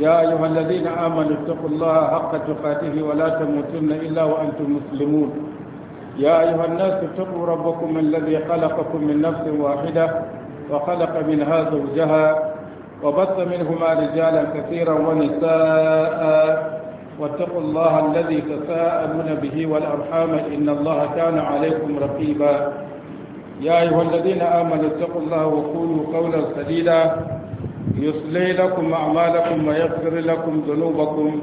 يا أيها الذين آمنوا اتقوا الله حق تقاته ولا تموتن إلا وأنتم مسلمون يا أيها الناس اتقوا ربكم الذي خلقكم من نفس واحدة وخلق منها زوجها وبث منهما رجالا كثيرا ونساء واتقوا الله الذي تساءلون به والأرحام إن الله كان عليكم رقيبا يا أيها الذين آمنوا اتقوا الله وقولوا قولا سديدا يصلي لكم أعمالكم ويغفر لكم ذنوبكم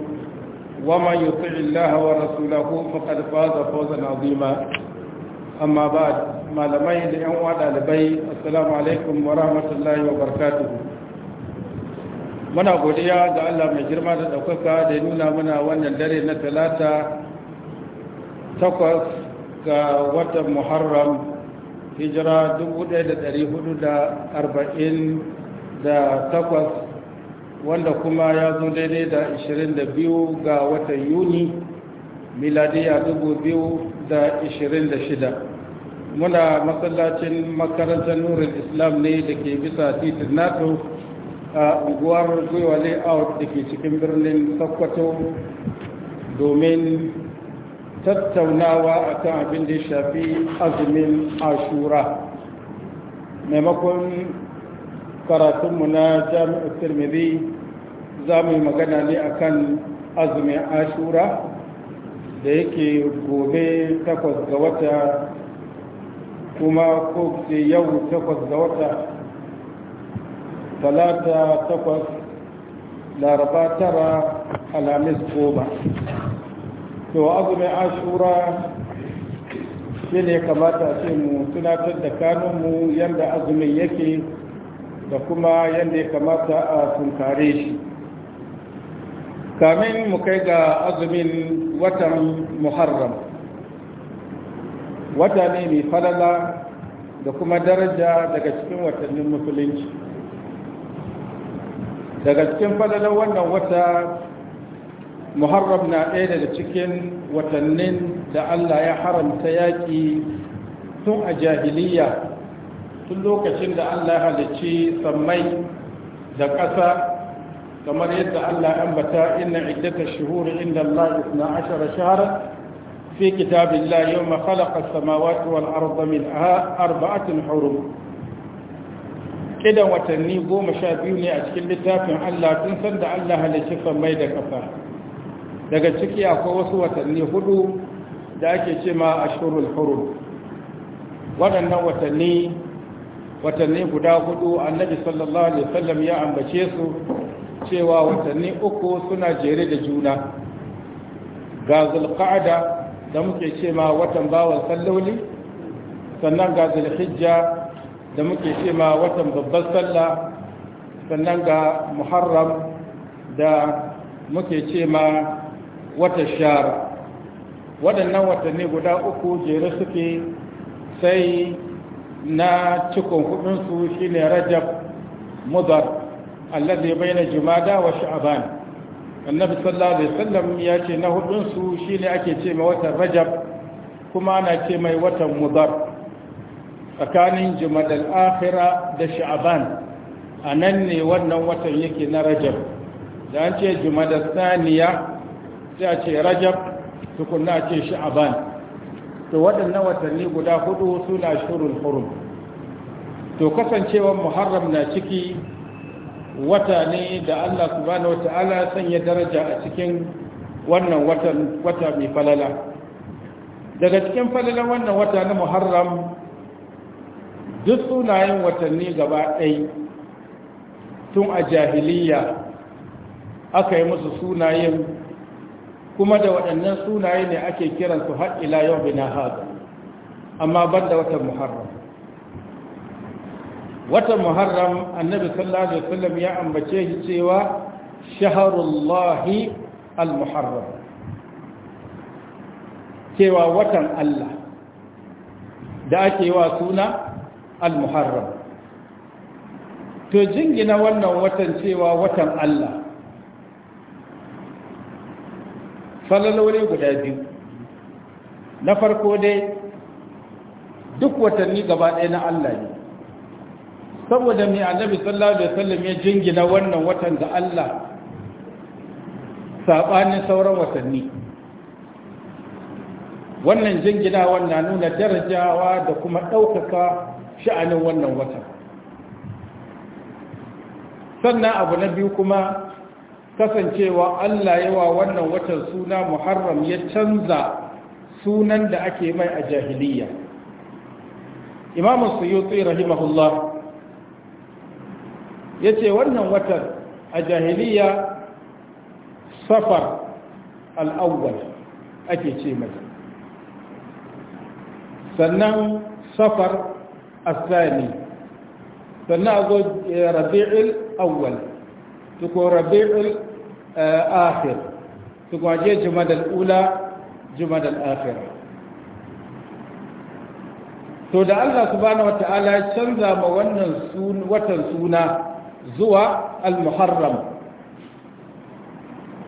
ومن يطع الله ورسوله فقد فاز فوزا عظيما أما بعد ما لمي لأن وعد لبي السلام عليكم ورحمة الله وبركاته muna godiya ga Allah mai girma da ɗaukaka da nuna muna wannan dare na talata takwas ga watan muharram hijira da takwas wanda kuma ya zo daidai da 22 ga watan yuni miladiya 2026 muna masallacin makarantar nurin islam ne da ke bisa titin nato a unguwar gwiwa layout da ke cikin birnin sokoto domin tattaunawa a kan abin da ya shafi azumin ashura maimakon karatunmu na jami'ar turmiri za mu yi magana ne akan azumin ashura da yake gobe takwas ga wata kuma ko ce yau takwas ga wata talata takwas laraba tara alhamis goma to azumin ashura shi ne kamata ce mu tunatar da kanunmu yadda azumin yake da kuma yadda ya kamata a tunkare shi kamin mu kai ga azumin watan muharram wata ne mai falala da kuma daraja daga cikin watannin musulunci daga cikin falalar wannan wata muharram na ɗaya daga cikin watannin da allah ya haramta yaƙi tun a jahiliya tun lokacin da Allah halicci sammai da ƙasa kamar yadda Allah ambata inna iddata shuhuri inda Allah isna ashara shahara fi kitabin la yau ma khalaƙa samawati wal a arba'atin hurum kidan watanni goma sha biyu ne a cikin littafin Allah tun sanda da Allah halicci sammai da ƙasa daga ciki akwai wasu watanni hudu da ake cema a shurul hurum waɗannan watanni watanni guda hudu annabi sallallahu alaihi wasallam ya ambace su cewa watanni uku suna jere da juna ga zulqa'ada da muke ce ma watan bawan salloli sannan ga zulhijja da muke ce ma watan babban sallah sannan ga muharram da muke ce ma watan shara waɗannan watanni guda uku jere suke sai na cikon hudunsu ne rajab mudar allazi baina jumada wa sha'ban annabi sallallahu alaihi wasallam ya ce na hudunsu shine ake ce mai watan rajab kuma ana ce mai watan mudar tsakanin jumada al-akhira da sha'ban anan ne wannan watan yake na rajab da an ce jumada saniya sai a ce rajab tukunna a ce sha'ban to waɗannan watanni guda hudu suna shurul hurum to kasancewar muharram na ciki wata ne da allah subhanahu wa ta'ala sanya daraja a cikin wannan wata mai falala daga cikin falalan wannan wata na muharram duk sunayen watanni gaba ɗai tun a jahiliya aka yi musu sunayen kuma da waɗannan sunaye ne ake kiransu har ila yau bina haɗu amma ban da watan muharram watan muharram annabi sallallahu alaihi wasallam ya ambace shi cewa shaharullahi al-muharram cewa watan Allah da ake wa suna al-muharram to jingina wannan watan cewa watan Allah falaloli guda biyu na farko dai duk watanni gaba ɗaya na Allah ne saboda mai annabi sallallahu alaihi wasallam ya jingina wannan watan ga Allah sabanin sauran watanni wannan jingina wannan nuna darajawa da kuma ɗaukaka sha'anin wannan watan sannan abu na biyu kuma kasancewa Allah yawa wannan watan suna Muharram ya canza sunan da ake mai a jahiliya Imam Suyuti rahimahullah ce wannan watan a jahiliya safar al-awwal ake ce mata sannan safar Asani, sannan a zo rabi'il awwal tuko rabi'ul akhir tuko aje jumadal ula jumadal akhir to da Allah subhanahu wata'ala ya canza ma wannan watan suna zuwa al-muharram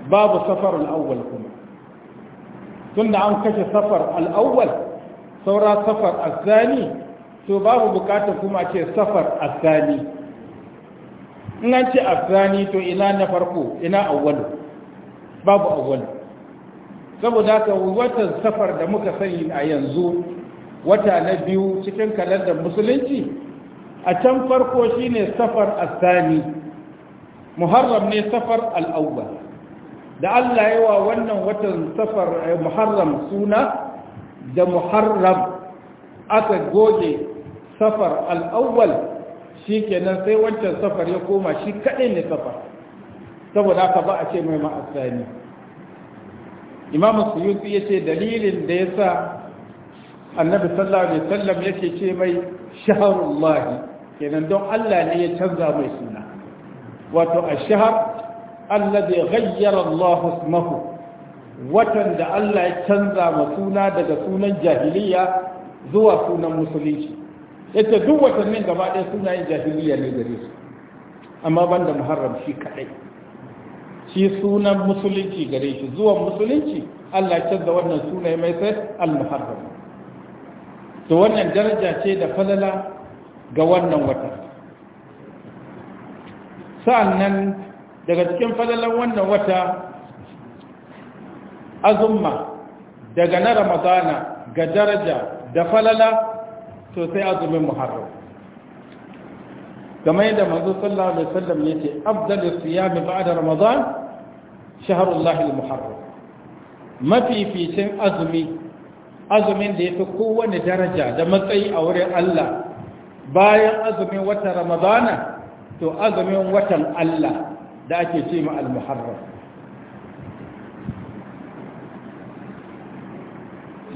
babu safar al-awwal kuma tunda an kashe safar al-awwal saura safar al-thani to babu bukatar kuma ce safar al-thani in an ce afghani to ina na farko ina awwalu babu awwalu saboda haka watan safar da muka sani a yanzu wata na biyu cikin kalandar musulunci a can farko shine safar asani muharram ne safar al'awwal da Allah yawa wannan watan safar eh, muharram suna da muharram aka goge safar al'auwal? shi kenan sai wancan safar ya koma shi kaɗai ne safar saboda haka ba a ce mai ma'asani imamu suyuti ya ce dalilin da ya sa annabi sallallahu alaihi wasallam yake ce mai shaharullahi kenan don allah ne ya canza mai suna wato a shahar alladhi ghayyara allah ismahu watan da allah ya canza ma suna daga sunan jahiliya zuwa sunan musulunci yadda duk watannin gaba ɗaya suna yin jahiliya ne gare su amma da muharram shi kadai shi sunan musulunci gare shi zuwan musulunci Allah ya canza wannan suna mai sai al-muharram to wannan daraja ce da falala ga wannan wata sa'annan daga cikin falalan wannan wata azumma daga na ramadana ga daraja da falala to sai azumin muharram kamar yadda manzo sallallahu alaihi wasallam yace afdalu siyami ba'da ramadan shahrullahi al-muharram mafificin azumi azumin da yafi kowane daraja da matsayi a wurin Allah bayan azumin watan ramadana to azumin watan Allah da ake ce ma al-muharram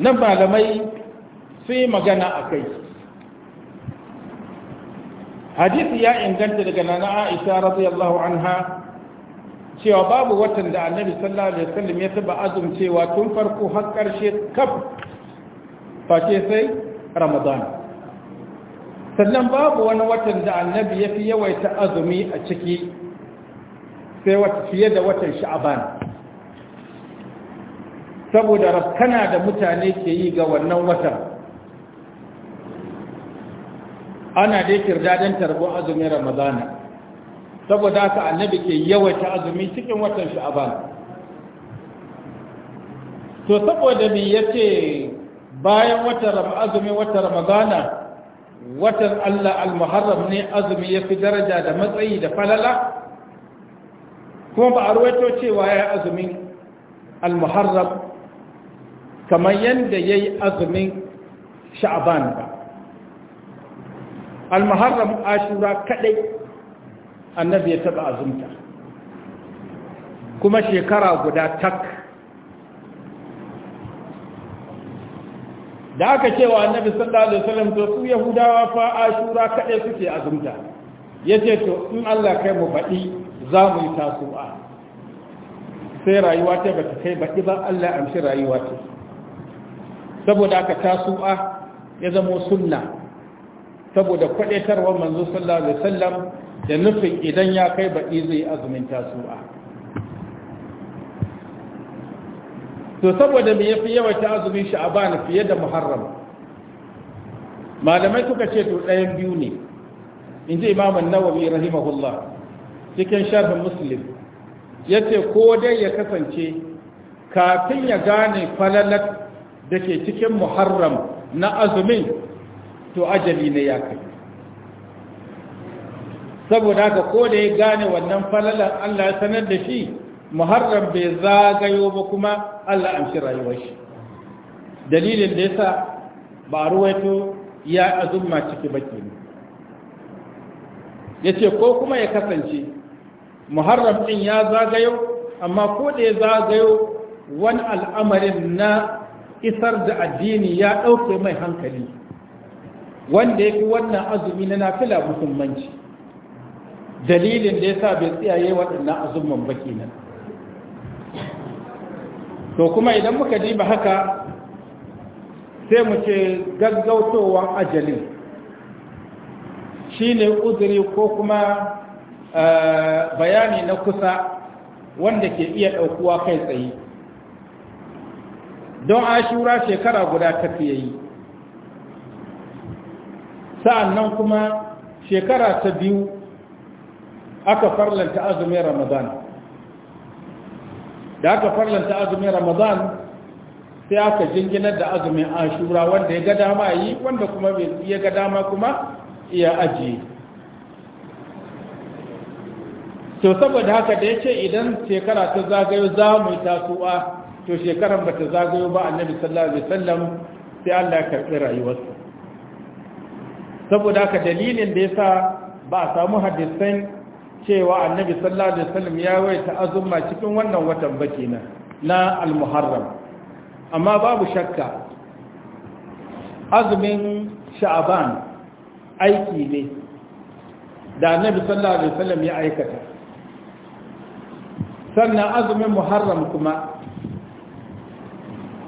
nan malamai suyi magana a kai hadisi ya inganta daga nana Aisha radiyallahu anha cewa babu watan da annabi sallallahu alaihi wasallam ya taba azumcewa tun farko har karshe kaf face sai ramadan sannan babu wani watan da annabi ya fi yawaita azumi a ciki sai wata fiye da watan sha'aban saboda rafkana da mutane ke yi ga wannan watan ana dai kirdadan tarbo azumin ramadana saboda haka annabi ke yawaita azumi cikin watan sha'aban to saboda me ce bayan watan azumin watan ramadana watan Allah al-muharram ne azumi ya fi daraja da matsayi da falala kuma ba a ruwaito cewa ya azumin al-muharram kamar yadda ya yi azumin sha'aban ba almuharram ashura kadai annabi ya taba azumta kuma shekara guda tak da aka cewa annabi sallallahu alaihi wasallam to su yahudawa fa ashura kadai suke azumta yace to in Allah kai mu baɗi za mu yi tasu'a sai rayuwa ta bata kai baɗi ba Allah amshi rayuwa ta saboda aka tasu'a ya zama sunna saboda kwadaitarwar manzo sallallahu alaihi wasallam da nufin idan ya kai baɗi zai azumin tasu'a to saboda me yafi yawaita azumin bani fiye da muharram malamai suka ce to ɗayan biyu ne in ji imamun nawawi rahimahullah cikin shafin muslim ya ce ko dai ya kasance kafin ya gane falalat da ke cikin muharram na azumin to ajali ne ya kai saboda haka ko da ya gane wannan falalan Allah ya sanar da shi muharram bai zagayo ba kuma Allah an shi rayuwar shi dalilin da yasa ba ruwaito ya azumma ciki baki ne yace ko kuma ya kasance muharram din ya zagayo amma ko da ya zagayo wani al'amarin na isar da addini ya ɗauke mai hankali wanda ya fi wannan azumi na nafila muhimmanci dalilin da ya sa bai tsiyaye waɗannan azumman baki nan to kuma idan muka diba haka sai mu ce gaggautowar ajalin shi ne uzuri ko kuma eh, bayani na kusa wanda ke iya ɗaukuwa kai tsaye don ashura shekara guda ta fiye yi sa'annan kuma shekara ta biyu aka farlanta azumin ramadan da aka farlanta azumin ramadan sai aka jinginar da azumin ashura wanda ya ga dama yi wanda kuma ya ga dama kuma iya ajiye to saboda haka da ya ce idan shekara ta zagayo za mu tasuwa to shekaran ba ta zagayo ba annabi sallallahu alaihi wasallam sai Allah ya karɓi rayuwarsa saboda ka dalilin da ya sa ba a samu hadisan cewa annabi sallallahu alaihi wasallam ya yi ta'azzuma cikin wannan watan bakina na al-muharram amma babu shakka azumin sha'aban aiki ne da annabi sallallahu alaihi wasallam ya aikata sannan azumin muharram kuma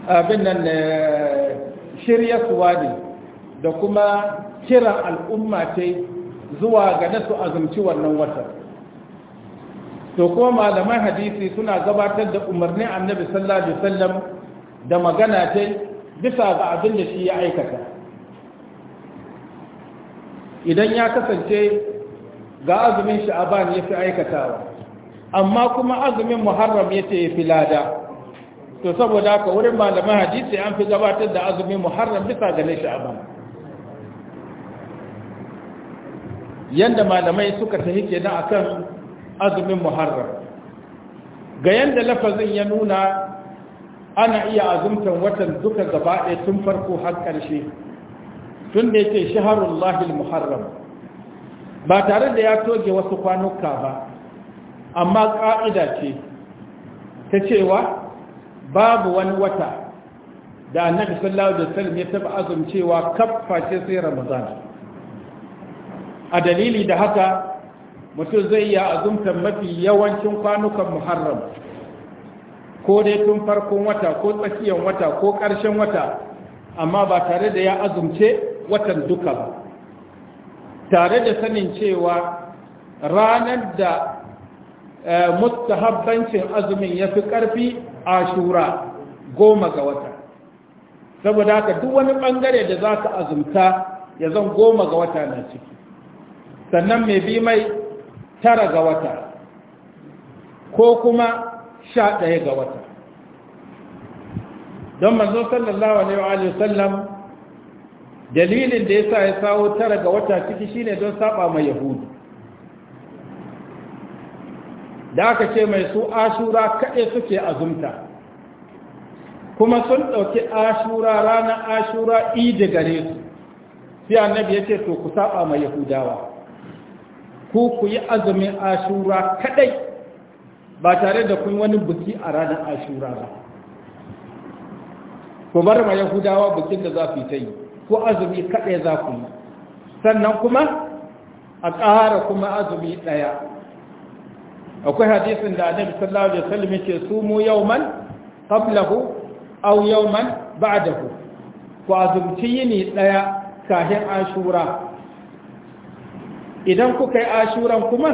abin nan eh, shiryarwa ne da kuma kiran al'umma ce zuwa ga nasu azumci wannan watan to kuma malaman hadisi suna gabatar da umarnin annabi sallallahu alaihi wasallam da magana ce bisa ga abin da shi ya aikata idan ya kasance ga azumin sha'aban ya fi aikatawa amma kuma azumin muharram ya ce ya fi lada to saboda haka wurin malaman hadisi an fi gabatar da azumin muharram bisa ga na sha'aban Yadda malamai suka tafi kenan akan azumin muharram ga yanda lafazin ya nuna ana iya azumtan watan duka gaba tun farko har ƙarshe tun da yake shaharun lahil muharram ba tare da ya toge wasu kwanuka ba amma ƙa'ida ce ta cewa babu wani wata da annabi sallallahu alaihi wasallam ya taba azumcewa kaffa ce sai ramadan a dalili da haka mutum zai iya azumtar mafi yawancin kwanukan muharram ko dai tun farkon wata ko tsakiyar wata ko ƙarshen wata amma ba tare da ya azumce watan duka ba tare da sanin cewa ranar da eh, mustahabbancin azumin ya fi ƙarfi ashura goma ga wata saboda haka duk wani ɓangare da za ka azumta ya zan goma ga wata na ciki sannan mai bi mai tara ga wata ko kuma sha ɗaya ga wata don manzo sallallahu alaihi wa sallam dalilin da ya sa ya sawo tara ga wata ciki shine don saba mai yahudu da aka ce mai su ashura kaɗai suke azumta kuma sun ɗauki ashura ranar ashura idi gare su sai annabi ya ce to ku saba mai yahudawa ko ku yi azumin ashura kadai ba tare da kun wani buki a ranar ashura ba ku bar ma yahudawa bukin da za ku yi ko azumi kadai za ku yi sannan kuma a ƙara kuma azumi ɗaya akwai hadisin da annabi sallallahu alaihi wasallam yake sumu yawman qablahu aw yawman ba'dahu ku azumci yini ɗaya kahin ashura idan kuka yi ashuran kuma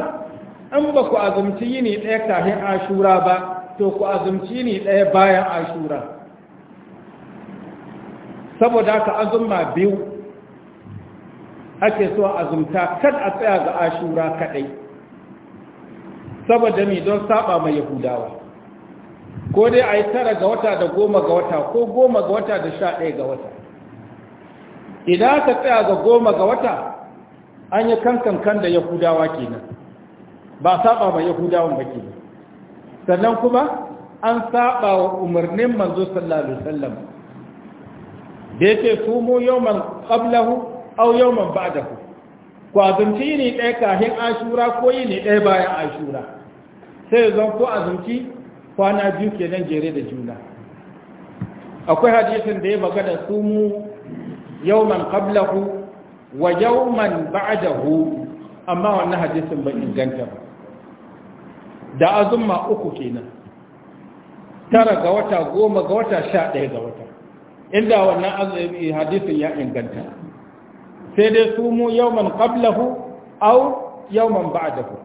an ba ku azumci yini ɗaya kafin ashura ba to ku azumci yini ɗaya bayan ashura saboda ka azumma biyu ake so azumta kan a tsaya ga ashura kaɗai saboda mai don saba mai yahudawa ko dai a yi tara ga wata da goma ga wata ko goma ga wata da sha ɗaya ga wata idan aka tsaya ga goma ga wata an yi kankankan da yahudawa kenan ba saba ba yahudawan ba kenan sannan kuma an saba wa umarnin manzo sallallahu alaihi wasallam da yake sumu yawman qablahu aw yawman ba'dahu ku azumci ne ɗaya hin ashura ko yi ne ɗaya bayan ashura sai zan ku azumci kwana biyu kenan jere da juna akwai hadisin da ya magana sumu yawman qablahu wa yawman ba'dahu amma wannan hadisin ban inganta ba da azumma uku kenan tara ga wata goma ga wata sha ɗaya ga wata inda wannan azumi hadisin ya inganta sai dai su mu yawman qablahu aw yawman ba'dahu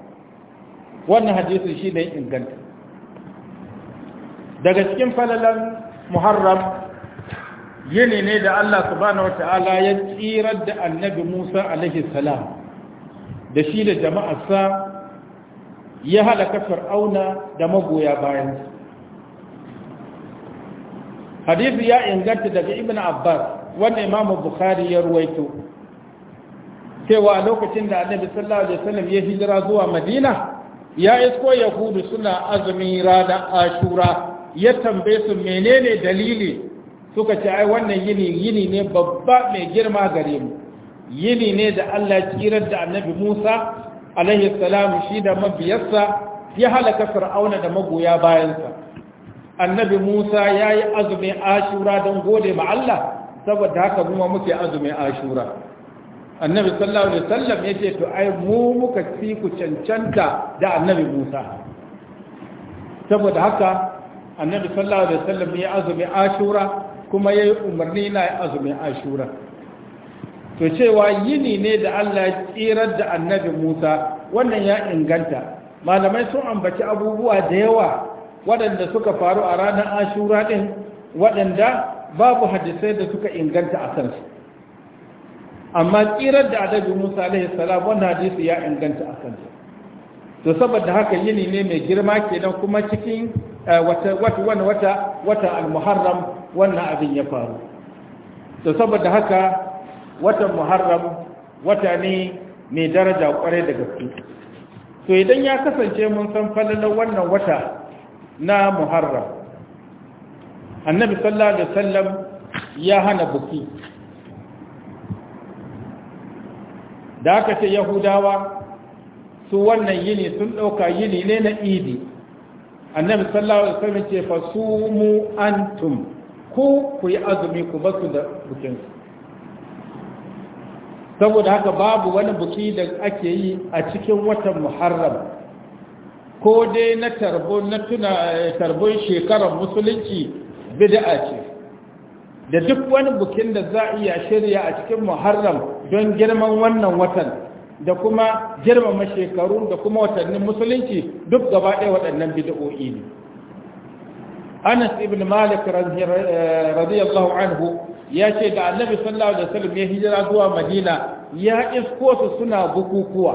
wannan hadisin shi ne inganta daga cikin falalan muharram yini ne da Allah subhanahu wata'ala ya tsirar da annabi Musa alaihi salam da shi da jama'arsa ya halaka fir'auna da magoya bayan hadisi ya inganta daga ibn abbas wanda imam bukhari ya ruwaito cewa lokacin da annabi sallallahu alaihi wasallam ya hijira zuwa madina ya isko yahudu suna azumin ranar ashura ya tambaye su menene dalili suka ce ai wannan yini yini ne babba mai girma gare mu yini ne da Allah kirar da annabi Musa alaihi salam shi da mabiyarsa ya halaka fir'auna da magoya bayansa annabi Musa ya yi azumin ashura don gode ma Allah saboda haka kuma muke azumi ashura annabi sallallahu alaihi wasallam yace to ai mu muka ci ku cancanta da annabi Musa saboda haka annabi sallallahu alaihi wasallam ya azumi ashura kuma ya yi umarni na azumin ashura to cewa yini ne da allah ya tsirar da annabi musa wannan ya inganta malamai sun ambaci abubuwa da yawa waɗanda suka faru a ranar ashura ɗin waɗanda babu hadisai da suka inganta a su? amma tsirar da Annabi musa alaihi salam wannan hadisi ya inganta a su. to saboda haka yini ne mai girma kenan kuma cikin eh, wata wata wata wata al-muharram wannan abin ya faru to saboda haka watan muharram wata ne mai daraja kwarai da gaske to idan ya kasance mun san falalar wannan wata na muharram annabi sallallahu alaihi wasallam ya hana buki da aka ce yahudawa su wannan yini sun ɗauka yini ne na idi annabi sallallahu alaihi wasallam ce fa sumu antum ko ku yi azumi ku su da bukinsu saboda haka babu wani buki da ake yi a cikin watan muharram ko dai na tarbon shekarar musulunci bid'a ce da duk wani bukin da za a iya shirya a cikin muharram don girman wannan watan da kuma girmama shekaru da kuma watannin musulunci duk gaba ɗaya waɗannan bid'o'i ne anas ibn malik eh, radiyallahu anhu ya ce da annabi sallallahu alaihi wasallam ya hijira zuwa madina ya isko su suna bukukuwa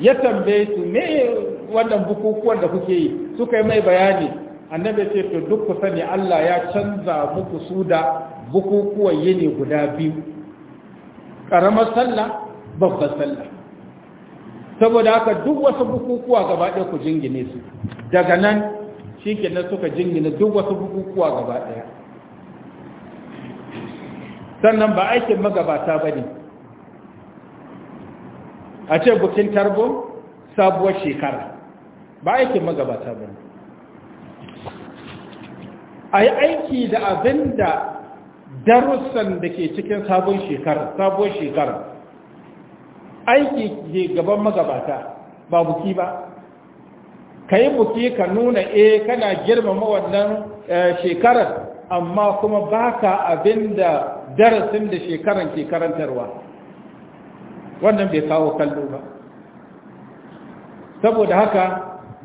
ya tambaye su me wannan bukukuwan da kuke yi suka yi mai bayani annabi ce to duk ku sani Allah ya canza muku su da bukukuwan yini guda biyu karamar sallah babbar sallah saboda haka duk wasu bukukuwa gaba ɗaya ku jingine su daga nan shi kenan suka jingina duk wasu bukukuwa gaba ɗaya sannan ba aikin magabata ba ne a ce bukin tarbo sabuwar shekara ba aikin magabata ba ne a yi aiki da abin da darussan da ke cikin sabon shekara sabuwar shekara aiki ke gaban magabata ba buki ba ka yi buki ka nuna e, kana girmama wannan eh, shekarar amma kuma baka abin da darasin da shekaran ke karantarwa wannan bai kawo kallo ba saboda haka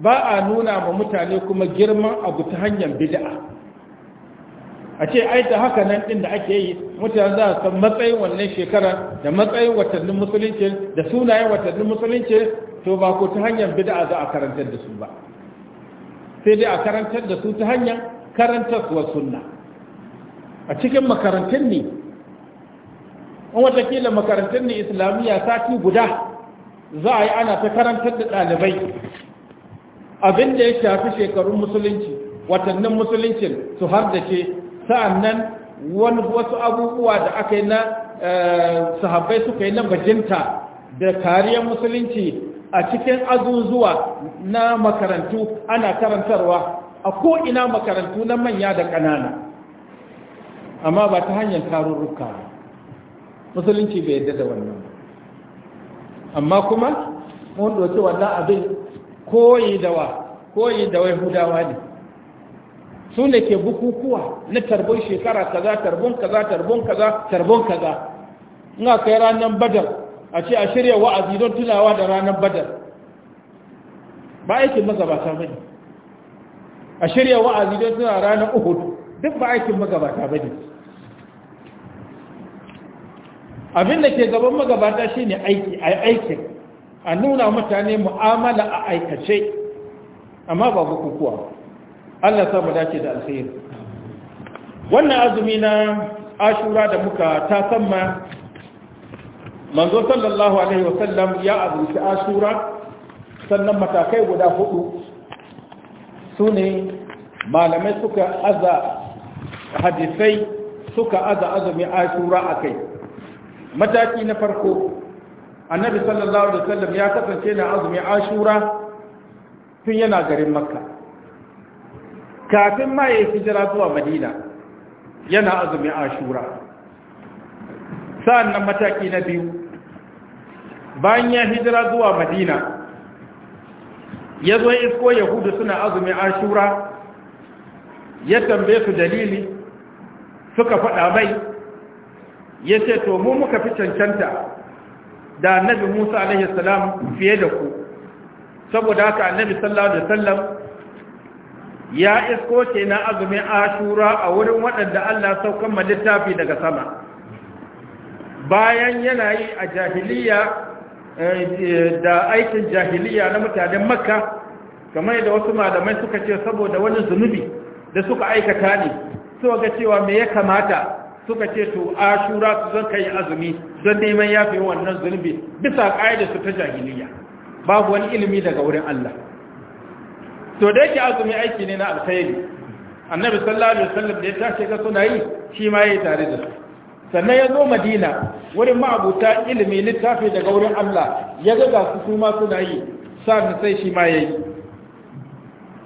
ba a nuna ma mutane kuma girman abu ta hanyar bid'a a ce ai da haka nan din da ake yi mutane za su matsayin wannan shekara da matsayin watannin musulunci da sunayen watannin musulunci to ba ko ta hanyar bid'a za a karantar da su ba sai dai a karantar da su ta hanyar karantar su sunna a cikin makarantun ne in watakila makarantun ne islamiyya sati guda za a yi ana ta karantar da ɗalibai abin da ya shafi shekarun musulunci watannin musulunci su har da ce sa'annan wani wasu abubuwa da aka yi na eh, sahabbai suka yi na bajinta da kariyar musulunci a cikin azuzuwa na makarantu ana karantarwa a ko'ina makarantu na manya da ƙanana amma ba ta hanyar tarurruka musulunci bai yadda da wannan amma kuma wanda wace wannan abin koyi da wa koyi da wai hudawa ne su ne ke bukukuwa na tarbon shekara kaza tarbon kaza tarbon kaza tarbon kaza ina kai ranar badar a ce a shirya wa'azi don tunawa da ranar badar ba aikin magabata bane a shirya wa'azi don tunawa ranar uhud duk ba aikin magabata bane abin da ke gaban magabata shine aiki ai aikin a nuna mutane mu'amala a aikace amma ba bukukuwa Allah sa mu dace da alkhairi wannan azumi na ashura da muka ta samma manzo sallallahu alaihi wasallam ya azumci ashura sannan matakai guda hudu sune malamai suka aza hadisai suka aza azumi ashura a kai mataki na farko annabi sallallahu alaihi wasallam ya kasance na azumi ashura tun yana garin makka kafin ma ya yi hijira zuwa madina yana azumin ashura sa'annan mataki na biyu bayan ya hijira zuwa madina ya zo isko yahudu suna azumin ashura ya tambaye su dalili suka faɗa mai ya ce to mu muka fi cancanta da annabi musa alaihi salam fiye da ku saboda haka annabi sallallahu alaihi wasallam ya isko ce na azumin ashura a wurin waɗanda Allah saukan littafi daga sama bayan yana yi a jahiliya eh, da aikin jahiliya na mutanen makka kamar da wasu malamai suka ce saboda wani zunubi da suka aikata ne suka ga cewa me ya kamata suka ce to ashura su zan kai azumi don neman yafe wannan zunubi bisa ƙa'ida su ta jahiliya babu wani ilimi daga wurin Allah to da yake azumi aiki ne na alkhairi annabi sallallahu alaihi wasallam da ya tashi ga suna yi shi ma yayi tare da su sannan ya zo madina wurin ma'abuta ilimi littafi daga wurin Allah ya ga su su ma suna yi sannan sai shi ma yayi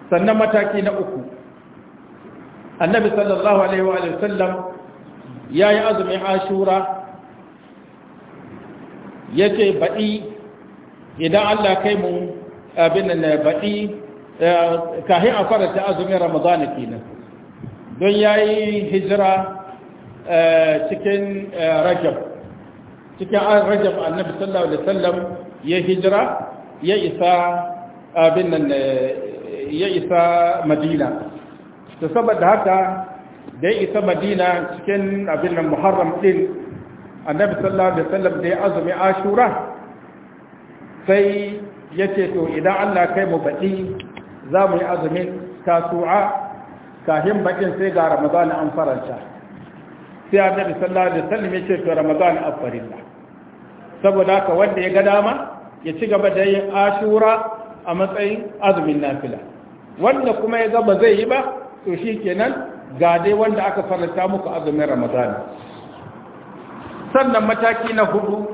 sannan mataki na uku annabi sallallahu alaihi wa sallam yayi azumin ashura yace baɗi idan Allah kai mu abin nan baɗi Eh, kahin a farata azumin ramadana kenan don ya yi hijira eh, cikin eh, rajab cikin rajab annabi sallallahu alaihi wasallam ya hijira ya isa abin nan ya isa madina to saboda haka da ya isa madina cikin abin nan muharram din annabi sallallahu alaihi wasallam da ya azumi ashura sai ya ce to idan Allah kai mu baɗi za mu yi azumin tasu'a kahin bakin sai ga ramadan an faranta sai annabi sallallahu alaihi wasallam ya ce to ramadan afarilla saboda haka wanda ya ga dama ya ci gaba da yin ashura a matsayin azumin nafila wanda kuma ya gaba zai yi ba to shi kenan ga dai wanda aka faranta muku azumin ramadan sannan mataki na hudu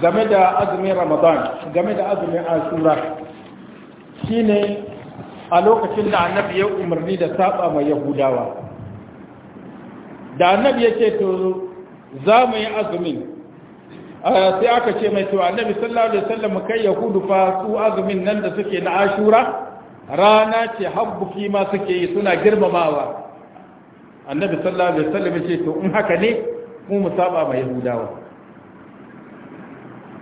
game da azumin ramadan game da azumin ashura shine a lokacin da annabi ya umarni da saba mai yahudawa da annabi ya ce to za mu yi azumin sai aka ce mai to annabi sallallahu alaihi wasallam kai yahudu fa su azumin nan da suke na ashura rana ce fi ma suke yi suna girmamawa annabi sallallahu alaihi wasallam ya ce to in haka ne mu mu saba mai yahudawa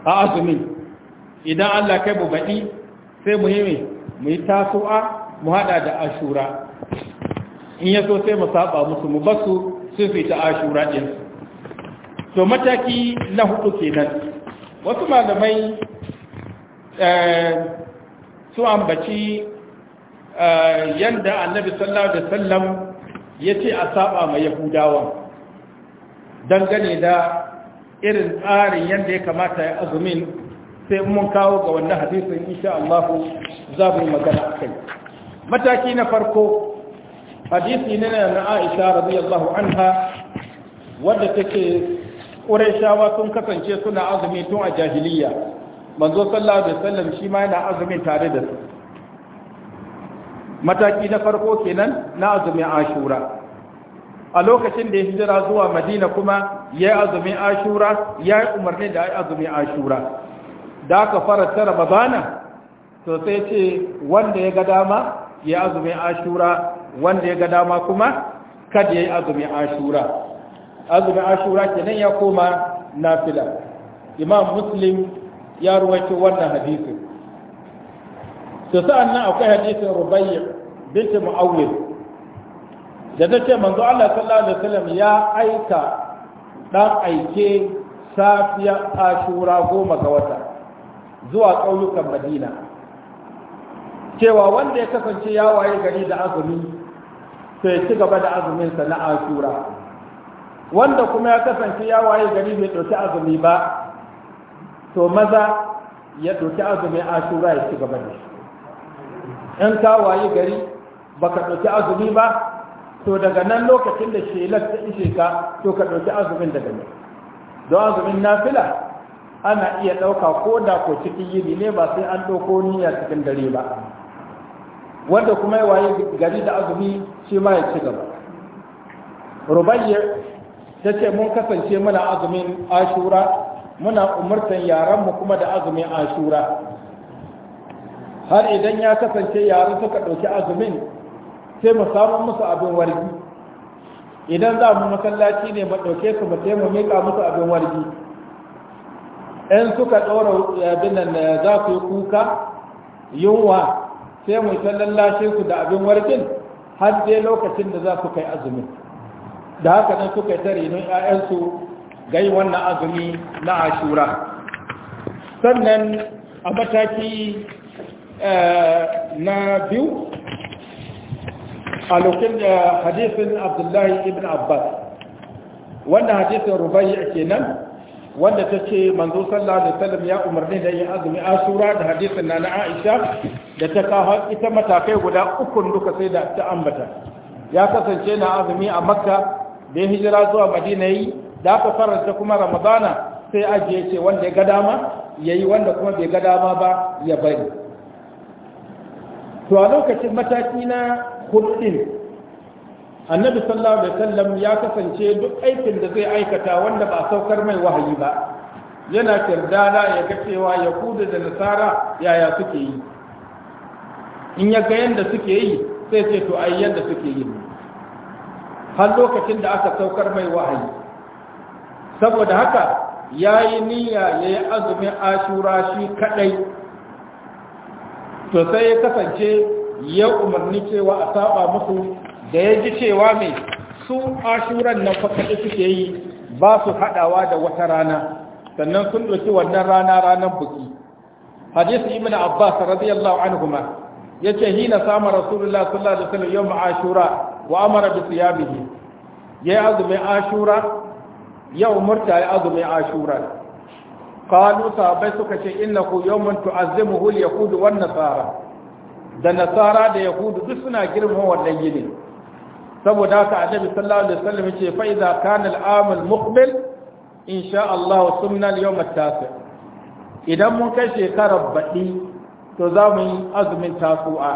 a azumin idan Allah kai mu baɗi sai muhimmi mu yi tasowa mu hada da ashura in yaso sai mu saba musu mu basu sun fita ashura din to mataki na hudu kenan wasu malamai eh, su ambaci eh, yanda annabi sallallahu alaihi wasallam yace a saba ma yahudawa dangane da irin tsarin yanda ya kamata ya azumin sai mun kawo ga wannan hadisin insha Allah za mu magana akai mataki na farko hadisi ne na Aisha radiyallahu anha wadda take Qurayshawa sun kasance suna azumi tun a jahiliya manzo sallallahu alaihi wasallam shi ma yana azumi tare da su mataki na farko kenan na azumi Ashura a lokacin da ya hijira zuwa Madina kuma ya azumin Ashura ya umarni da ya azumin Ashura da aka fara tara babana to sai ce wanda ya ga dama ya azumi ashura wanda ya ga dama kuma kada ya yi azumin ashura azumin ashura kenan ya koma nafila imam muslim ya ruwaito wannan hadisin to akwai hadisin rubayya binti mu'awir. da ta ce manzo Allah sallallahu alaihi wasallam ya aika dan aike safiya ashura goma ga wata zuwa ƙauyukan madina cewa wanda ya kasance ya waye gari da azumi to ya ci gaba da azuminsa na asura. wanda kuma ya kasance ya waye gari bai ɗauki azumi ba to maza ya ɗauki azumin asura ya ci gaba da shi in ka waye gari baka ɗauki azumi ba to daga nan lokacin da shelar ta ishe ka to ka ɗauki azumin daga nan don azumin nafila ana iya ɗauka ko da ko cikin yini ne ba sai an ɗauko niyya cikin dare ba wanda kuma ya waye gari da azumi shi ma ya ci gaba rubayya ta ce mun kasance muna azumin ashura muna umurtan yaranmu kuma da azumin ashura har idan ya kasance yaran suka ɗauki azumin sai mu samu musu abin wargi idan za mu masallaci ne mu ɗauke su mu sai mu miƙa musu abin wargi in suka ɗora abin nan za su yi kuka yunwa sai mu ta lallace ku da abin warkin har dai lokacin da za ku kai azumi da haka nan suka yi ta 'ya'yansu gai wannan azumi na ashura sannan a mataki eh, na biyu a lokacin da eh, hadisin abdullahi ibn abbas wannan hadisin rubai kenan wanda ta ce manzo sallallahu alaihi wasallam ya umarni da yin azumi asura da hadisin na na Aisha da ta kawo ita matakai guda uku duka sai da ta ambata ya kasance na azumi a Makka da hijira zuwa Madina yi da ta faranta kuma Ramadana sai ajiye ce wanda ya ga dama yayi wanda kuma bai ga dama ba ya bari to a lokacin mataki na hudin annabi sallallahu alaihi wasallam ya kasance duk aikin da zai aikata wanda ba saukar mai wahayi ba yana kirdada ya ga cewa ya yahuda da nasara yaya suke yi in ya ga yadda suke yi sai ce to ai yadda suke yi har lokacin da aka saukar mai wahayi saboda haka ya yi niyya ya yi azumin ashura shi kadai to sai ya kasance ya umarni cewa a saba musu da ya ji cewa mai su ashuran nan fakaɗe suke yi ba su haɗawa da wata rana sannan sun ɗauki wannan rana ranar buki hadisi ibn abbas radiyallahu ma. yace hina sama rasulullah sallallahu alaihi wasallam yawm ashura wa amara bi siyamihi ya azumi ashura Yau umurta ya azumi ashura qalu sahabbai suka ce innahu yawmun tu'azzimuhu al-yahud wan nasara da nasara da yahudu duk suna girman wannan yini saboda haka annabi sallallahu alaihi wasallam yace fa idza kana al-aam al-muqbil insha Allah sumna al-yawm at-tasi idan mun kai shekarar baɗi to za mu yi azumin tasu'a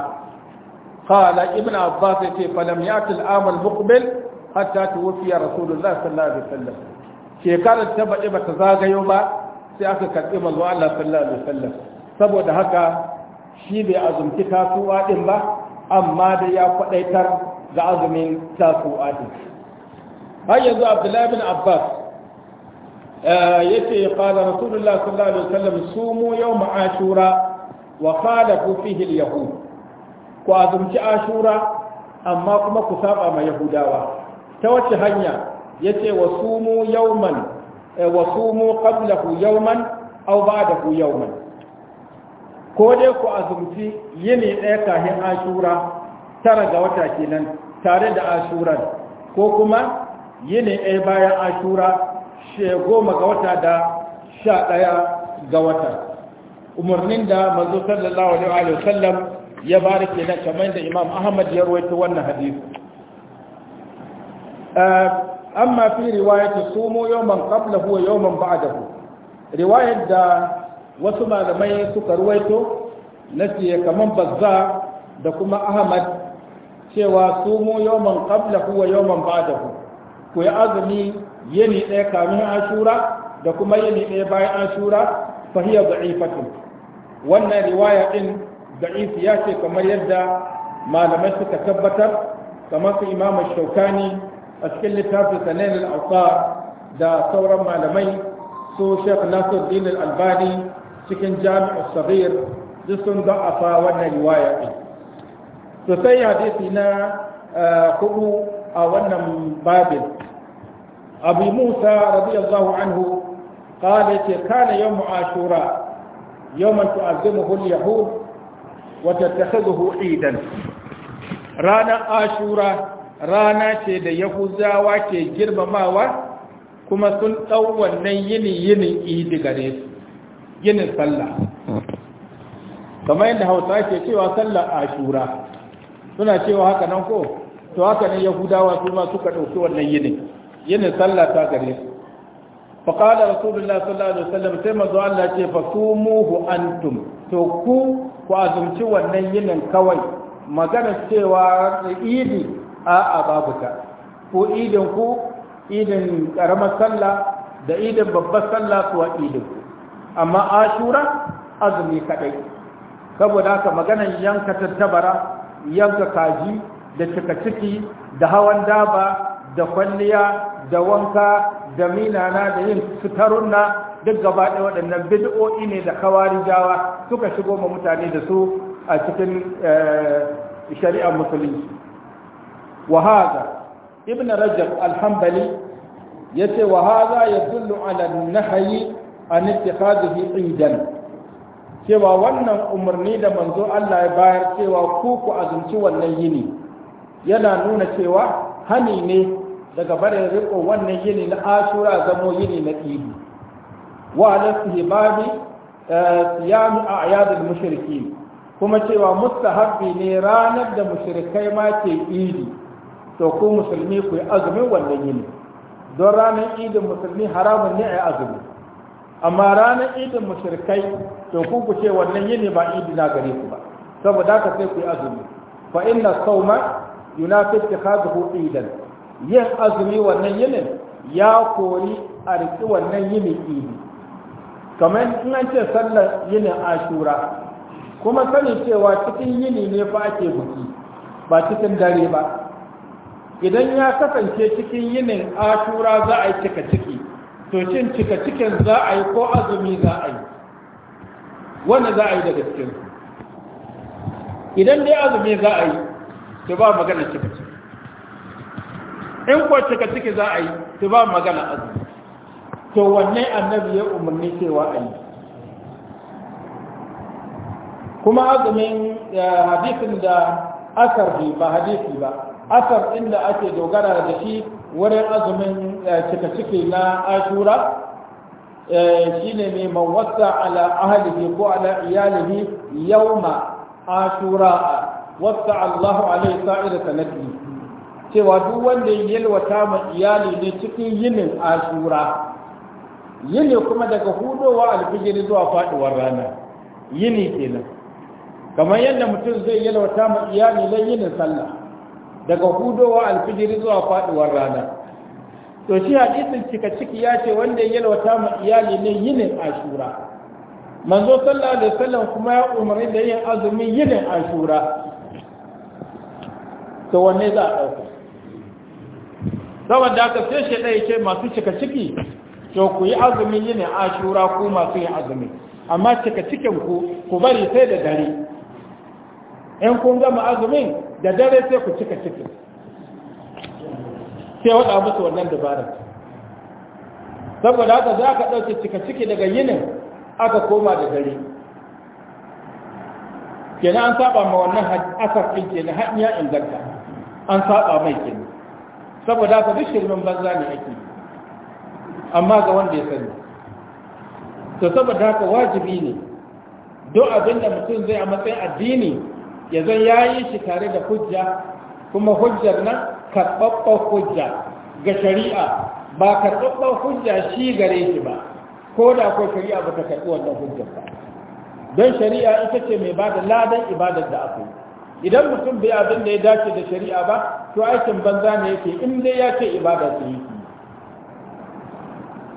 qala ibn abbas yace fa lam ya'ti al-aam al-muqbil hatta tuwfiya rasulullah sallallahu alaihi wasallam shekarar ta baɗi bata zagayo ba sai aka karɓi manzo Allah sallallahu alaihi wasallam saboda haka shi bai azumci tasu'a din ba amma da ya kwadaitar ga azumin tasu'a din har yanzu abdullahi bin abbas eh, yace qala rasulullah sallallahu alaihi wasallam sumu yawm ashura wa khalafu fihi al ku azumci ashura amma kuma ku saba ma yahudawa ta wace hanya yace wa sumu yawman eh, wa sumu qablahu yawman aw ba'dahu yawman ko dai ku azumci yini ɗaya kahin ashura tara ga wata kenan tare da ashura ko kuma yini ɗaya bayan ashura goma ga wata da sha ɗaya ga wata umarnin da manzo sallallahu alaihi wa sallam ya bari kenan kamar da imam ahmad ya rawaito wannan hadisi eh, amma fi riwayat sumu yawman qablahu wa yawman ba'dahu riwayar da wasu malamai suka ruwaito na kamar bazza da kuma ahmad cewa sumu kabla kuwa wa ba da ku yi azumi yini ɗaya kamin ashura da kuma yini ɗaya bayan ashura fa hiya da'ifatun wannan riwaya ɗin da ya ce kamar yadda malamai suka tabbatar kamar su imam shaukani a cikin littafin sanin al'asar da sauran malamai su shek nasiruddin albani cikin jami'ar sabir duk sun fa wannan riwaya din Sosai hadisi na eh, hudu a wannan babin abu musa radiyallahu anhu قال كان يوم عاشوراء يوما تعظمه اليهود وتتخذه idan رانا ashura rana ce da yahuzawa ke girmamawa kuma sun ɗau wannan yini yini idi gare su yinin sallah kamar yadda hausa ke cewa sallar ashura suna cewa haka nan ko to haka ne yahudawa su ma suka ɗauki wannan yini? yini sallah ta gare su qala rasulullah sallallahu alaihi wasallam sai manzo Allah ce fa sumuhu antum to ku ku azumci wannan yinin kawai magana cewa idi a'a babu ta ku idin ku idin karamar sallah da idin babbar sallah kuwa idin ku amma ashura azumi kadai saboda haka maganan yanka tattabara yanka kaji da cika ciki da hawan daba da kwalliya da wanka da minana da yin sutarunna duk gaba ɗaya waɗannan bid'o'i ne da kawarijawa suka shigo ma mutane da su a cikin eh, shari'ar musulunci Waha haza ibn rajab alhambali yace wahaza ya yadullu ala nahayi nahyi an ittikhadihi idan cewa wannan umarni da manzo Allah ya bayar cewa ku ku azumci wannan yini yana nuna cewa hani ne daga barin riko wannan yini na asura zamo yini na idi wa alastihbabi eh, siyami a ayyadul mushrikin kuma cewa mustahabbi ne ranar da mushrikai ma ke idi to ku musulmi ku yi azumin wannan yini don ranar idin musulmi haramun ne a azumi amma ranar idin mushrikai to ku ku ce wannan yini ba idi na gare ku ba saboda ka sai ku yi azumi fa inna sawma yunafi ittikhadahu idan yin azumi wannan yinin ya kori a wannan yini idi kamar in an ce sallar yinin ashura kuma sani cewa cikin yini ne fa ake buki ba cikin dare ba idan ya kasance cikin yinin ashura za a yi cika ciki to cin cika cikin za a yi ko azumi za a yi wanda za a yi daga cikin idan dai azumi za a yi to ba magana cika ciki in ko cika ciki za a yi to ba magana azumi to wanne annabi ya umarni cewa a yi kuma azumin eh, hadisin da asar ba hadisi ba asar inda ake dogara da shi wurin azumin eh, cika ciki na ashura eh, shine mai mawassa ala ahalihi ko ala iyalihi yawma ashura wasa Allahu alaihi sa'ida sanati cewa duk wanda ya yalwata ma iyali ne cikin yinin ashura yini kuma daga hudowa alfijiri zuwa faduwar rana yini kenan kamar yadda mutum zai yalwata ma iyali ne yinin sallah daga hudowa alfijiri zuwa faduwar rana to shi hadisin cika ciki ya ce wanda ya yalwata ma iyali ne yinin ashura manzo sallallahu alaihi wasallam kuma ya umarni da yin azumin yinin ashura to wanne za a dauka saboda haka sai shi dai ce masu cika ciki to ku yi azumin yinin ashura ku masu yin azumi amma cika cikin ku ku bari sai da dare in kun gama azumin da dare sai ku cika cikin sai wada musu wannan dabarar saboda haka za ka ɗauke cika ciki daga yinin aka koma da dare kenan an saba ma wannan asar ɗin kenan har inganta an saba mai kenan saboda haka duk shirmin banza ne ake amma ga wanda ya sani to saboda haka wajibi ne duk abinda mutum zai a matsayin addini ya zan ya yi shi tare da hujja kuma hujjar nan karɓaɓɓar hujja ga shari'a ba karɓaɓɓar hujja shi gare shi ba ko da ko shari'a ba ta karɓi wannan hujjar ba don shari'a ita ce mai ba da ladan ibadar da aka idan mutum bai abin da ya dace da shari'a ba to aikin banza ne yake in dai ya ce ibada su yi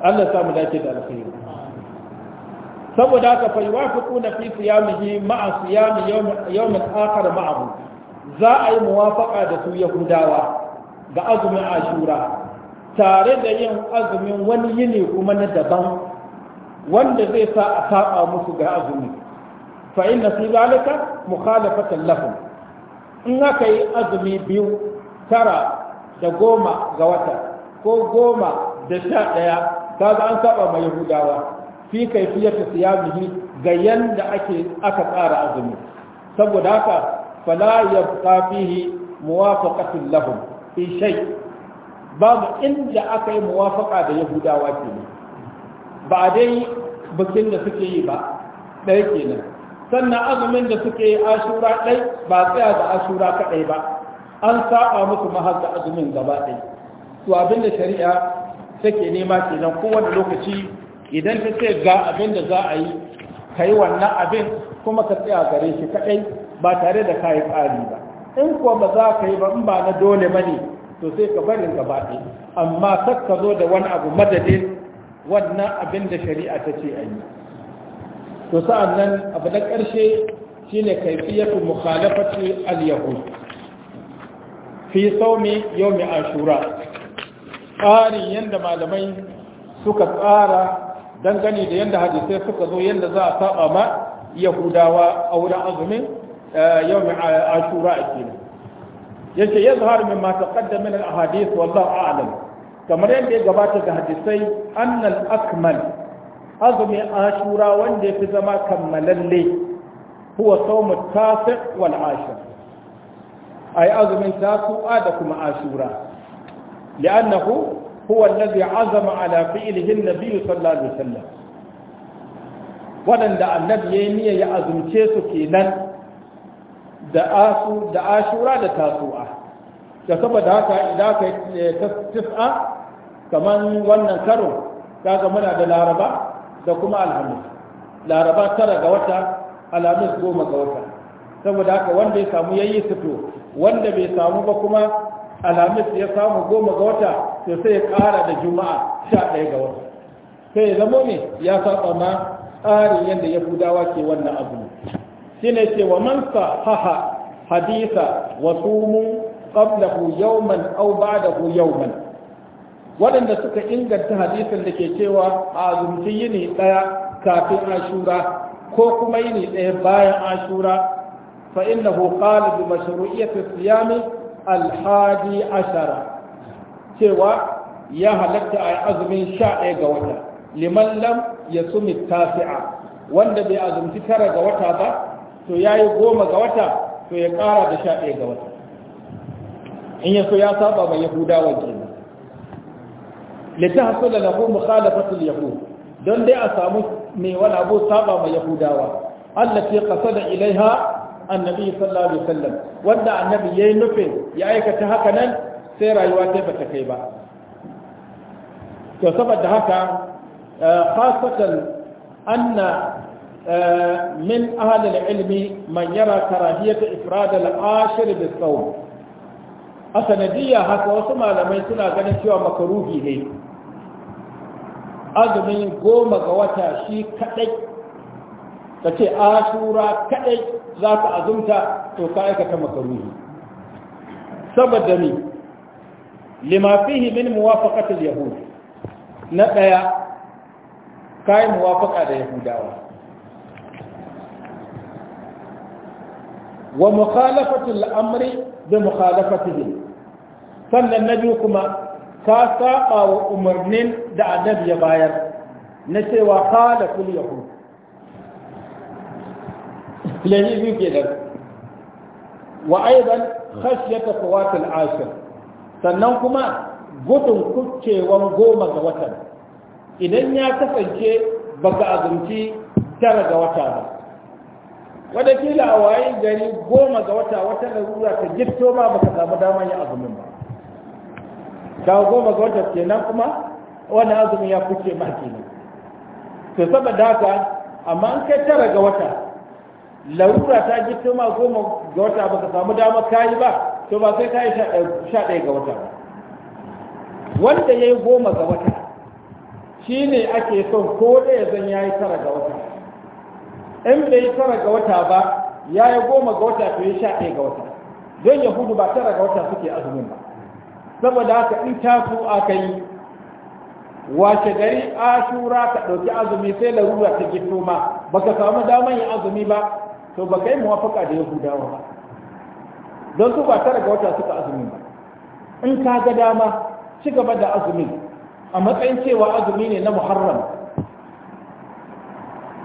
Allah samu dace da alkhairi saboda haka fa yuwafiquna fi siyamihi ma'a siyami yawm al-akhar ma'ahu za a yi muwafaqa da su yahudawa ga azumin ashura tare da yin azumin wani yini kuma na daban wanda zai sa a saba musu ga azumi fa inna fi zalika mukhalafatan lahum in aka yi azumi biyu tara da goma ga wata ko goma da sha ɗaya kaga an saba ma yahudawa fi kaifiyati siyamihi ga yanda ake aka tsara azumi saboda haka fala yabqa fihi muwafaqatun lahum fi shay babu inda aka yi muwafaqa da yahudawa kenan ba dai bikin da suke yi ba ɗaya kenan sannan azumin da suke yi ashura ɗai ba tsaya da ashura kaɗai ba an saba musu mahar da azumin gaba ɗaya to abinda da shari'a take nema kenan kowane lokaci idan ta ce ga abin da za a yi ka yi wannan abin kuma ka tsaya gare shi kaɗai ba tare da ka yi ƙari ba in kuwa ba za ka yi ba in ba na dole ba ne to sai ka barin ka baɗi amma kar ka zo da wani abu madadin wannan abin da shari'a ta ce a yi to sa'an nan abu na ƙarshe shi ne shine kaifiyatu mukhalafati al-yahud fi saumi yau mai ashura tsarin yadda malamai suka tsara dangane da yadda hadisai suka zo yadda za a saba ma yahudawa a wurin azumin eh, yawmin ashura a kenan yace yazhar min ma taqaddama min al-ahadith wallahu a'lam kamar yadda ya gabata da hadisai annal akmal azumi ashura wanda yafi zama kammalalle huwa sawm at-tasi' wal ashir ay azumin tasu'a da kuma ashura li'annahu huwa allazi azama ala fi'lihi an-nabi sallallahu alaihi wasallam wadanda annabi yayi niyya ya azumce su kenan da asu da ashura da tasu'a da saboda haka idan ka tis'a kamar wannan karo kaga muna da laraba da kuma alhamis laraba tara ga wata alhamis goma ga wata saboda haka wanda ya samu yayi fito wanda bai samu ba kuma alhamis ya samu goma ga wata to sai ya ƙara da juma'a sha ɗaya ga wata sai ya zamo ne ya saba ma tsarin yadda ya budawa ke wannan abu? shi shine ce wa man haha hadisa wa sumu qablahu yawman aw ba'dahu yawman waɗanda suka inganta hadisin da ke cewa a azumci yini ɗaya kafin ashura ko kuma yini ɗaya bayan ashura fa innahu qala bi mashru'iyyati siyami alhadi ashara cewa ya halatta a azumin sha ɗaya ga wata liman lam ya sumi tafi'a, wanda bai azumci tara ga wata ba to ya yi goma ga wata to ya ƙara da sha ɗaya ga wata in ya so ya saba ma yahudawa kenan littafi da lahu mukhalafatul Yahu, don dai a samu mai wani abu saba ma yahudawa Allah allati da ilaiha annabi sallallahu alaihi wasallam wanda annabi yayi nufin ya aikata haka nan sai rayuwa ta ba bata kai ba to saboda haka eh, khasatan anna eh, min ahli al-ilmi man yara karahiyat ifrad al-ashir bis-sawm asanadiyya haka wasu malamai suna ganin cewa makaruhi ne azumin goma ga wata shi kaɗai. ka ce ashura kaɗai za ka azumta to ka aikata makaruhi saboda ni lima fihi min muwafaqatil yahud na daya kai muwafaqa da yahudawa wa mukhalafatil amri bi mukhalafatihim sannan na biyu kuma ka saba wa umarnin da annabi ya bayar na cewa khalaful yahud tunani ke kenan wa aidan khashyata fawatil ashir sannan kuma gudun kucewan goma ga watan idan ya kasance baka azumci tara ga wata ba wadakila a waye gari goma ga wata wata da zuwa ta gitto ma baka samu damar yin azumin ba ga goma ga wata kenan kuma wani azumin ya kuce ma kenan to saboda haka amma an kai tara ga wata larura ta ma goma ga wata ba ka samu dama yi ba to ba sai yi eh, sha ɗaya ga wata ba wanda ya yi goma ga wata shi ne ake son ko ɗaya zan ya yi tara ga wata in bai yi tara ga wata ba ya yi goma ga wata to ya sha ɗaya ga wata don yahudu ba tara ga wata suke azumin ba saboda haka in ta so aka yi wace gari ashura ka ɗauki azumi sai larura ta gito ma baka samu damar yin azumi ba to ba ka yi muwafaka da yahudawa ba don su ba tara ga wata suka azumi ba in ka ga dama ci gaba da azumi a matsayin cewa azumi ne na muharram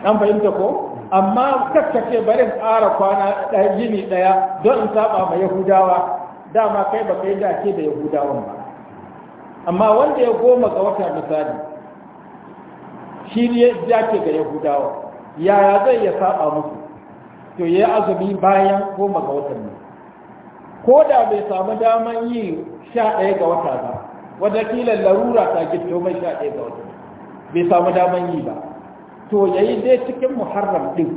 an fahimta ko amma kakkace bari in kwana ɗaya yini ɗaya don in saba ma yahudawa dama kai ba kai dace da yahudawan ba amma wanda ya goma ga wata misali shi ne ya dace ga yahudawa yaya zai ya saba musu to ya azumi bayan goma ga watan ne ko da bai samu daman yi sha ɗaya ga wata ba wadda kila larura ta gito mai sha ɗaya ga wata bai samu daman yi ba to ya yi dai cikin muharram ɗin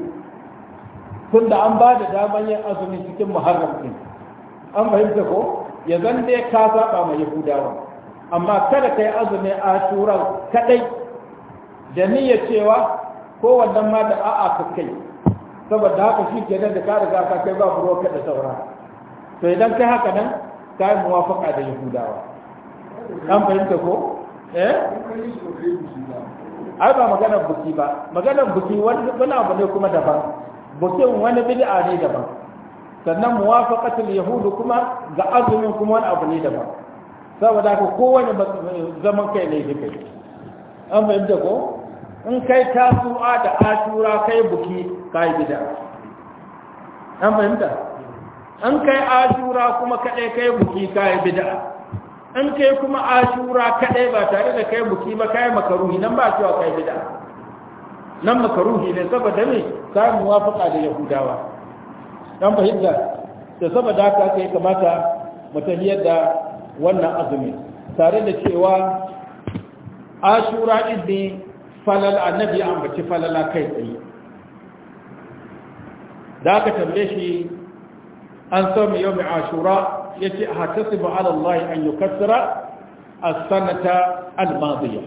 tun da an ba da daman yin azumi cikin muharram ɗin an fahimta ko ya zan dai ka saba mai yahudawa amma kada ka yi a turan kaɗai da niyyar cewa ko wannan ma da a'a ka kai saboda haka shi kenan da ka riga ka kai babu ruwa da saura to idan kai haka nan ka yi muwafaka da yahudawa an fahimta ko eh ai ba maganar buki ba maganar buki wani abu ne kuma daban bukin wani bid'a ne daban sannan muwafaqatul yahudu kuma ga azumin kuma wani abu ne daban saboda haka kowane zaman kai ne kai an fahimta ko in kai tasu'a da ashura kai buki ka yi bida an fahimta an kai ashura kuma kaɗai kai buki ka bida an kai kuma ashura kaɗai ba tare da kai buki ba ka yi makaruhi nan ba cewa ka yi bida nan makaruhi ne saboda ne samun yi da yahudawa an fahimta da saboda haka kai kamata mutum yadda wannan azumi tare da cewa ashura idin falal annabi ambaci falala kai tsaye da aka tambaye shi an sami yau mai ashura ya ce a hatasi ba alallahi an yi kasira a sanata almaziya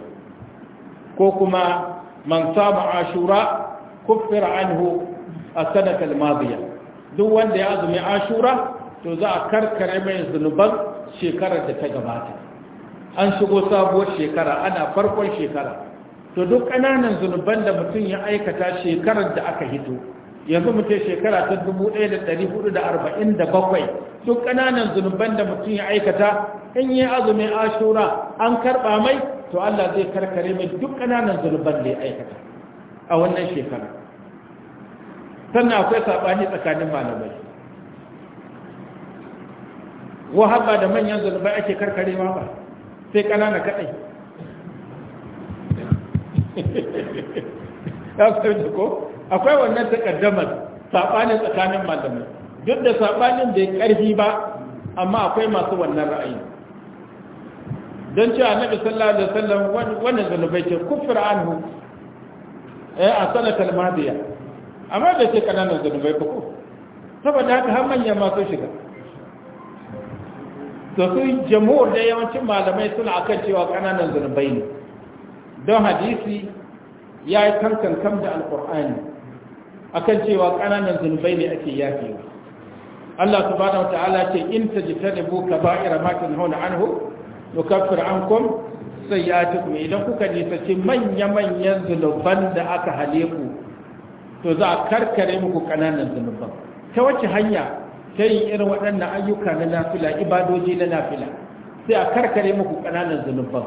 ko kuma man samu ashura kuffira anhu a sanata almaziya duk wanda ya azumi ashura to za a karkare mai zunuban shekarar da ta gabata an shigo sabuwar shekara ana farkon shekara to duk ƙananan zunuban da mutum ya aikata shekarar da aka hito yanzu mu ce shekara ta da da da ɗari 1447 duk ƙananan zunuban da mutum ya aikata in yi azumi ashura an karɓa mai to Allah zai karkare mai duk ƙananan zunuban da ya aikata a wannan shekara sannan akwai saɓani tsakanin malamai wahaba da manyan zunuban ake karkare ma ba sai ƙanana kaɗai ya fi ko akwai wannan takaddamar saɓanin tsakanin malamai duk da saɓanin bai ƙarfi ba amma akwai masu wannan ra'ayi don cewa nabi sallallahu alaihi wasallam wannan zanubai ce kufra anhu eh a sanatal madiya amma da ce kananan zanubai ba ko saboda haka har manya masu shiga to su jamhur da yawancin malamai suna akan cewa kananan zanubai ne don hadisi ya yi kankan kam da alkur'ani akan cewa ƙananan zunubai ne ake yafewa Allah subhanahu wa ta'ala ce in tajtanibu kaba'ira ma tunhauna anhu nukaffir ankum sayyi'atikum idan kuka ce manya-manyan zunuban da aka hale ku to za a karkare muku ƙananan zunuban ta wace hanya ta yin irin waɗannan ayyuka na nafila ibadoji na nafila sai a karkare muku ƙananan zunuban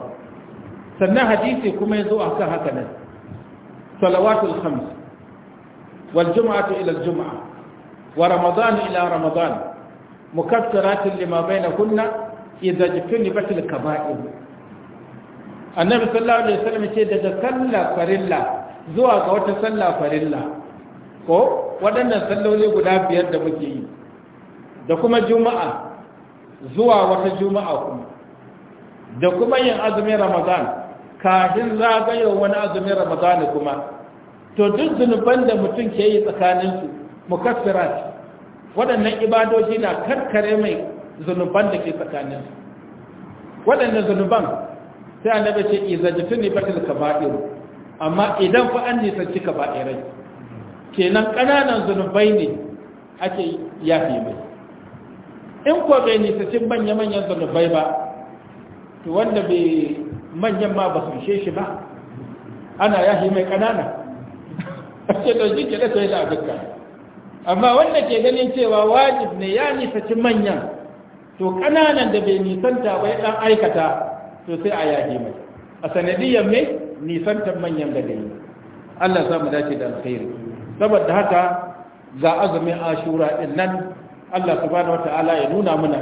sannan hadisi kuma ya zo a kan haka nan salawatul khams wal jum'atu ila al wa ramadan ila na kunna, lima bainahunna idza jtunibat al kaba'ir annabi sallallahu alaihi wasallam ce daga sallah farilla zuwa ga wata sallah farilla ko waɗannan salloli guda biyar da muke yi da kuma juma'a zuwa wata juma'a kuma da kuma yin azumin ramadan kafin zagayowar wani azumin ramadan kuma to duk zunuban da mutum ke yi tsakaninsu mukaffirat waɗannan ibadoji na karkare mai zunuban da ke tsakaninsu waɗannan zunuban sai annabi ce izajitun ne batil kaba'ir amma idan fa an nisanci kaba'irai kenan ƙananan zunubai ne ake yafe mai in ko bai nisanci manya-manyan zunubai ba to wanda bai manyan ma ba su shi ba ana yafi mai ƙanana ce to shi ke da sai da abinka amma wanda ke ganin cewa wajib ne ya nisaci manyan to ƙananan da bai nisanta bai ɗan aikata to sai a yaki mai a sanadiyyar mai nisantar manyan da gani Allah za mu dace da alkhairi saboda haka ga azumin ashura ɗin nan Allah wata ala ya nuna mana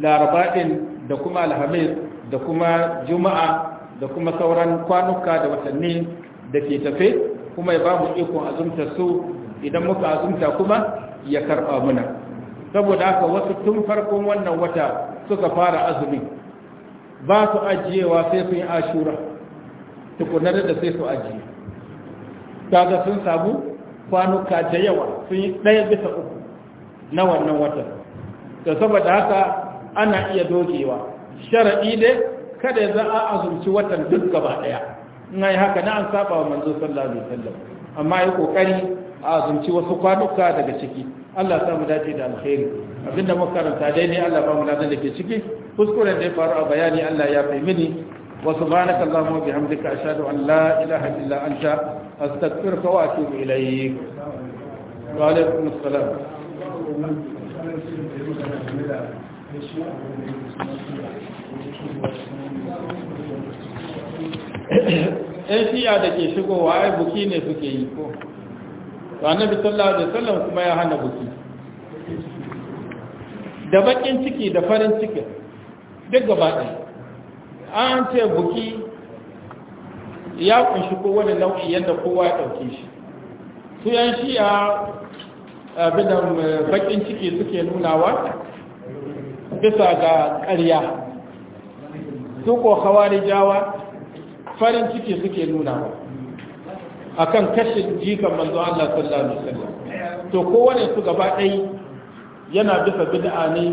laraba ɗin da kuma alhamis da kuma juma'a da kuma sauran kwanuka da watanni da ke tafe kuma ya ba mu ikon azumta su idan muka azumta kuma ya karɓa muna saboda haka wasu tun farkon wannan wata suka fara azumi ba su ajiyewa sai sun yi ashura tukunar da sai su ajiye kaga sun samu kwanuka da yawa sun yi ɗaya bisa uku na wannan watan da saboda haka ana iya dogewa shara'i dai kada za a azumci watan duk gaba ɗaya na yi haka na an saba wa manzo sallallahu alaihi wasallam amma yi kokari a azumci wasu kwanuka daga ciki Allah ya samu dace da alheri abinda muka karanta dai ne Allah ba mu da ke ciki kuskuren da ya faru a bayani Allah ya fi mini wa subhanaka allahumma wa bihamdika ashhadu an la ilaha illa anta astaghfiruka wa atubu ilayk wa alaikum assalam Ɗan shiya da ke shigowa ai buki ne suke yi ko to annabi sallallahu alaihi wasallam kuma ya hana buki da bakin ciki da farin ciki duk gaba ɗaya an ce buki ya kunshi kowane nau'i yadda kowa ya ɗauke shi su yan a abin bakin ciki suke nunawa bisa ga ƙarya su ko hawari jawa farin ciki suke nuna a kan kashe jikan manzo Allah sallallahu alaihi wasallam to kowane su gaba ɗai yana bisa bid'a ne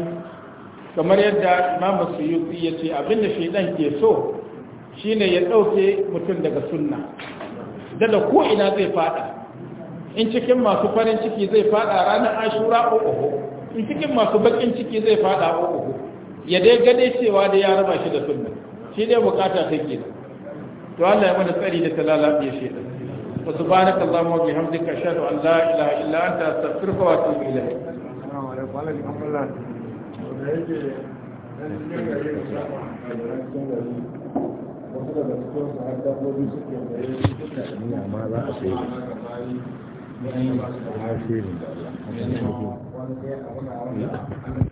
kamar yadda Imam Suyuti ya ce da shaidan ke so shine ya ɗauke mutum daga sunna da ko ina zai fada in cikin masu farin ciki zai fada ranar ashura oho in cikin masu bakin ciki zai fada oho ya dai gane cewa da ya raba shi da sunna shi dai bukata take kenan to Allah ya mana tsari da talala ya sheda wa subhanaka allahumma wa bihamdika ashhadu an la ilaha illa anta astaghfiruka wa atubu ilayk assalamu alaikum wa rahmatullahi wa barakatuh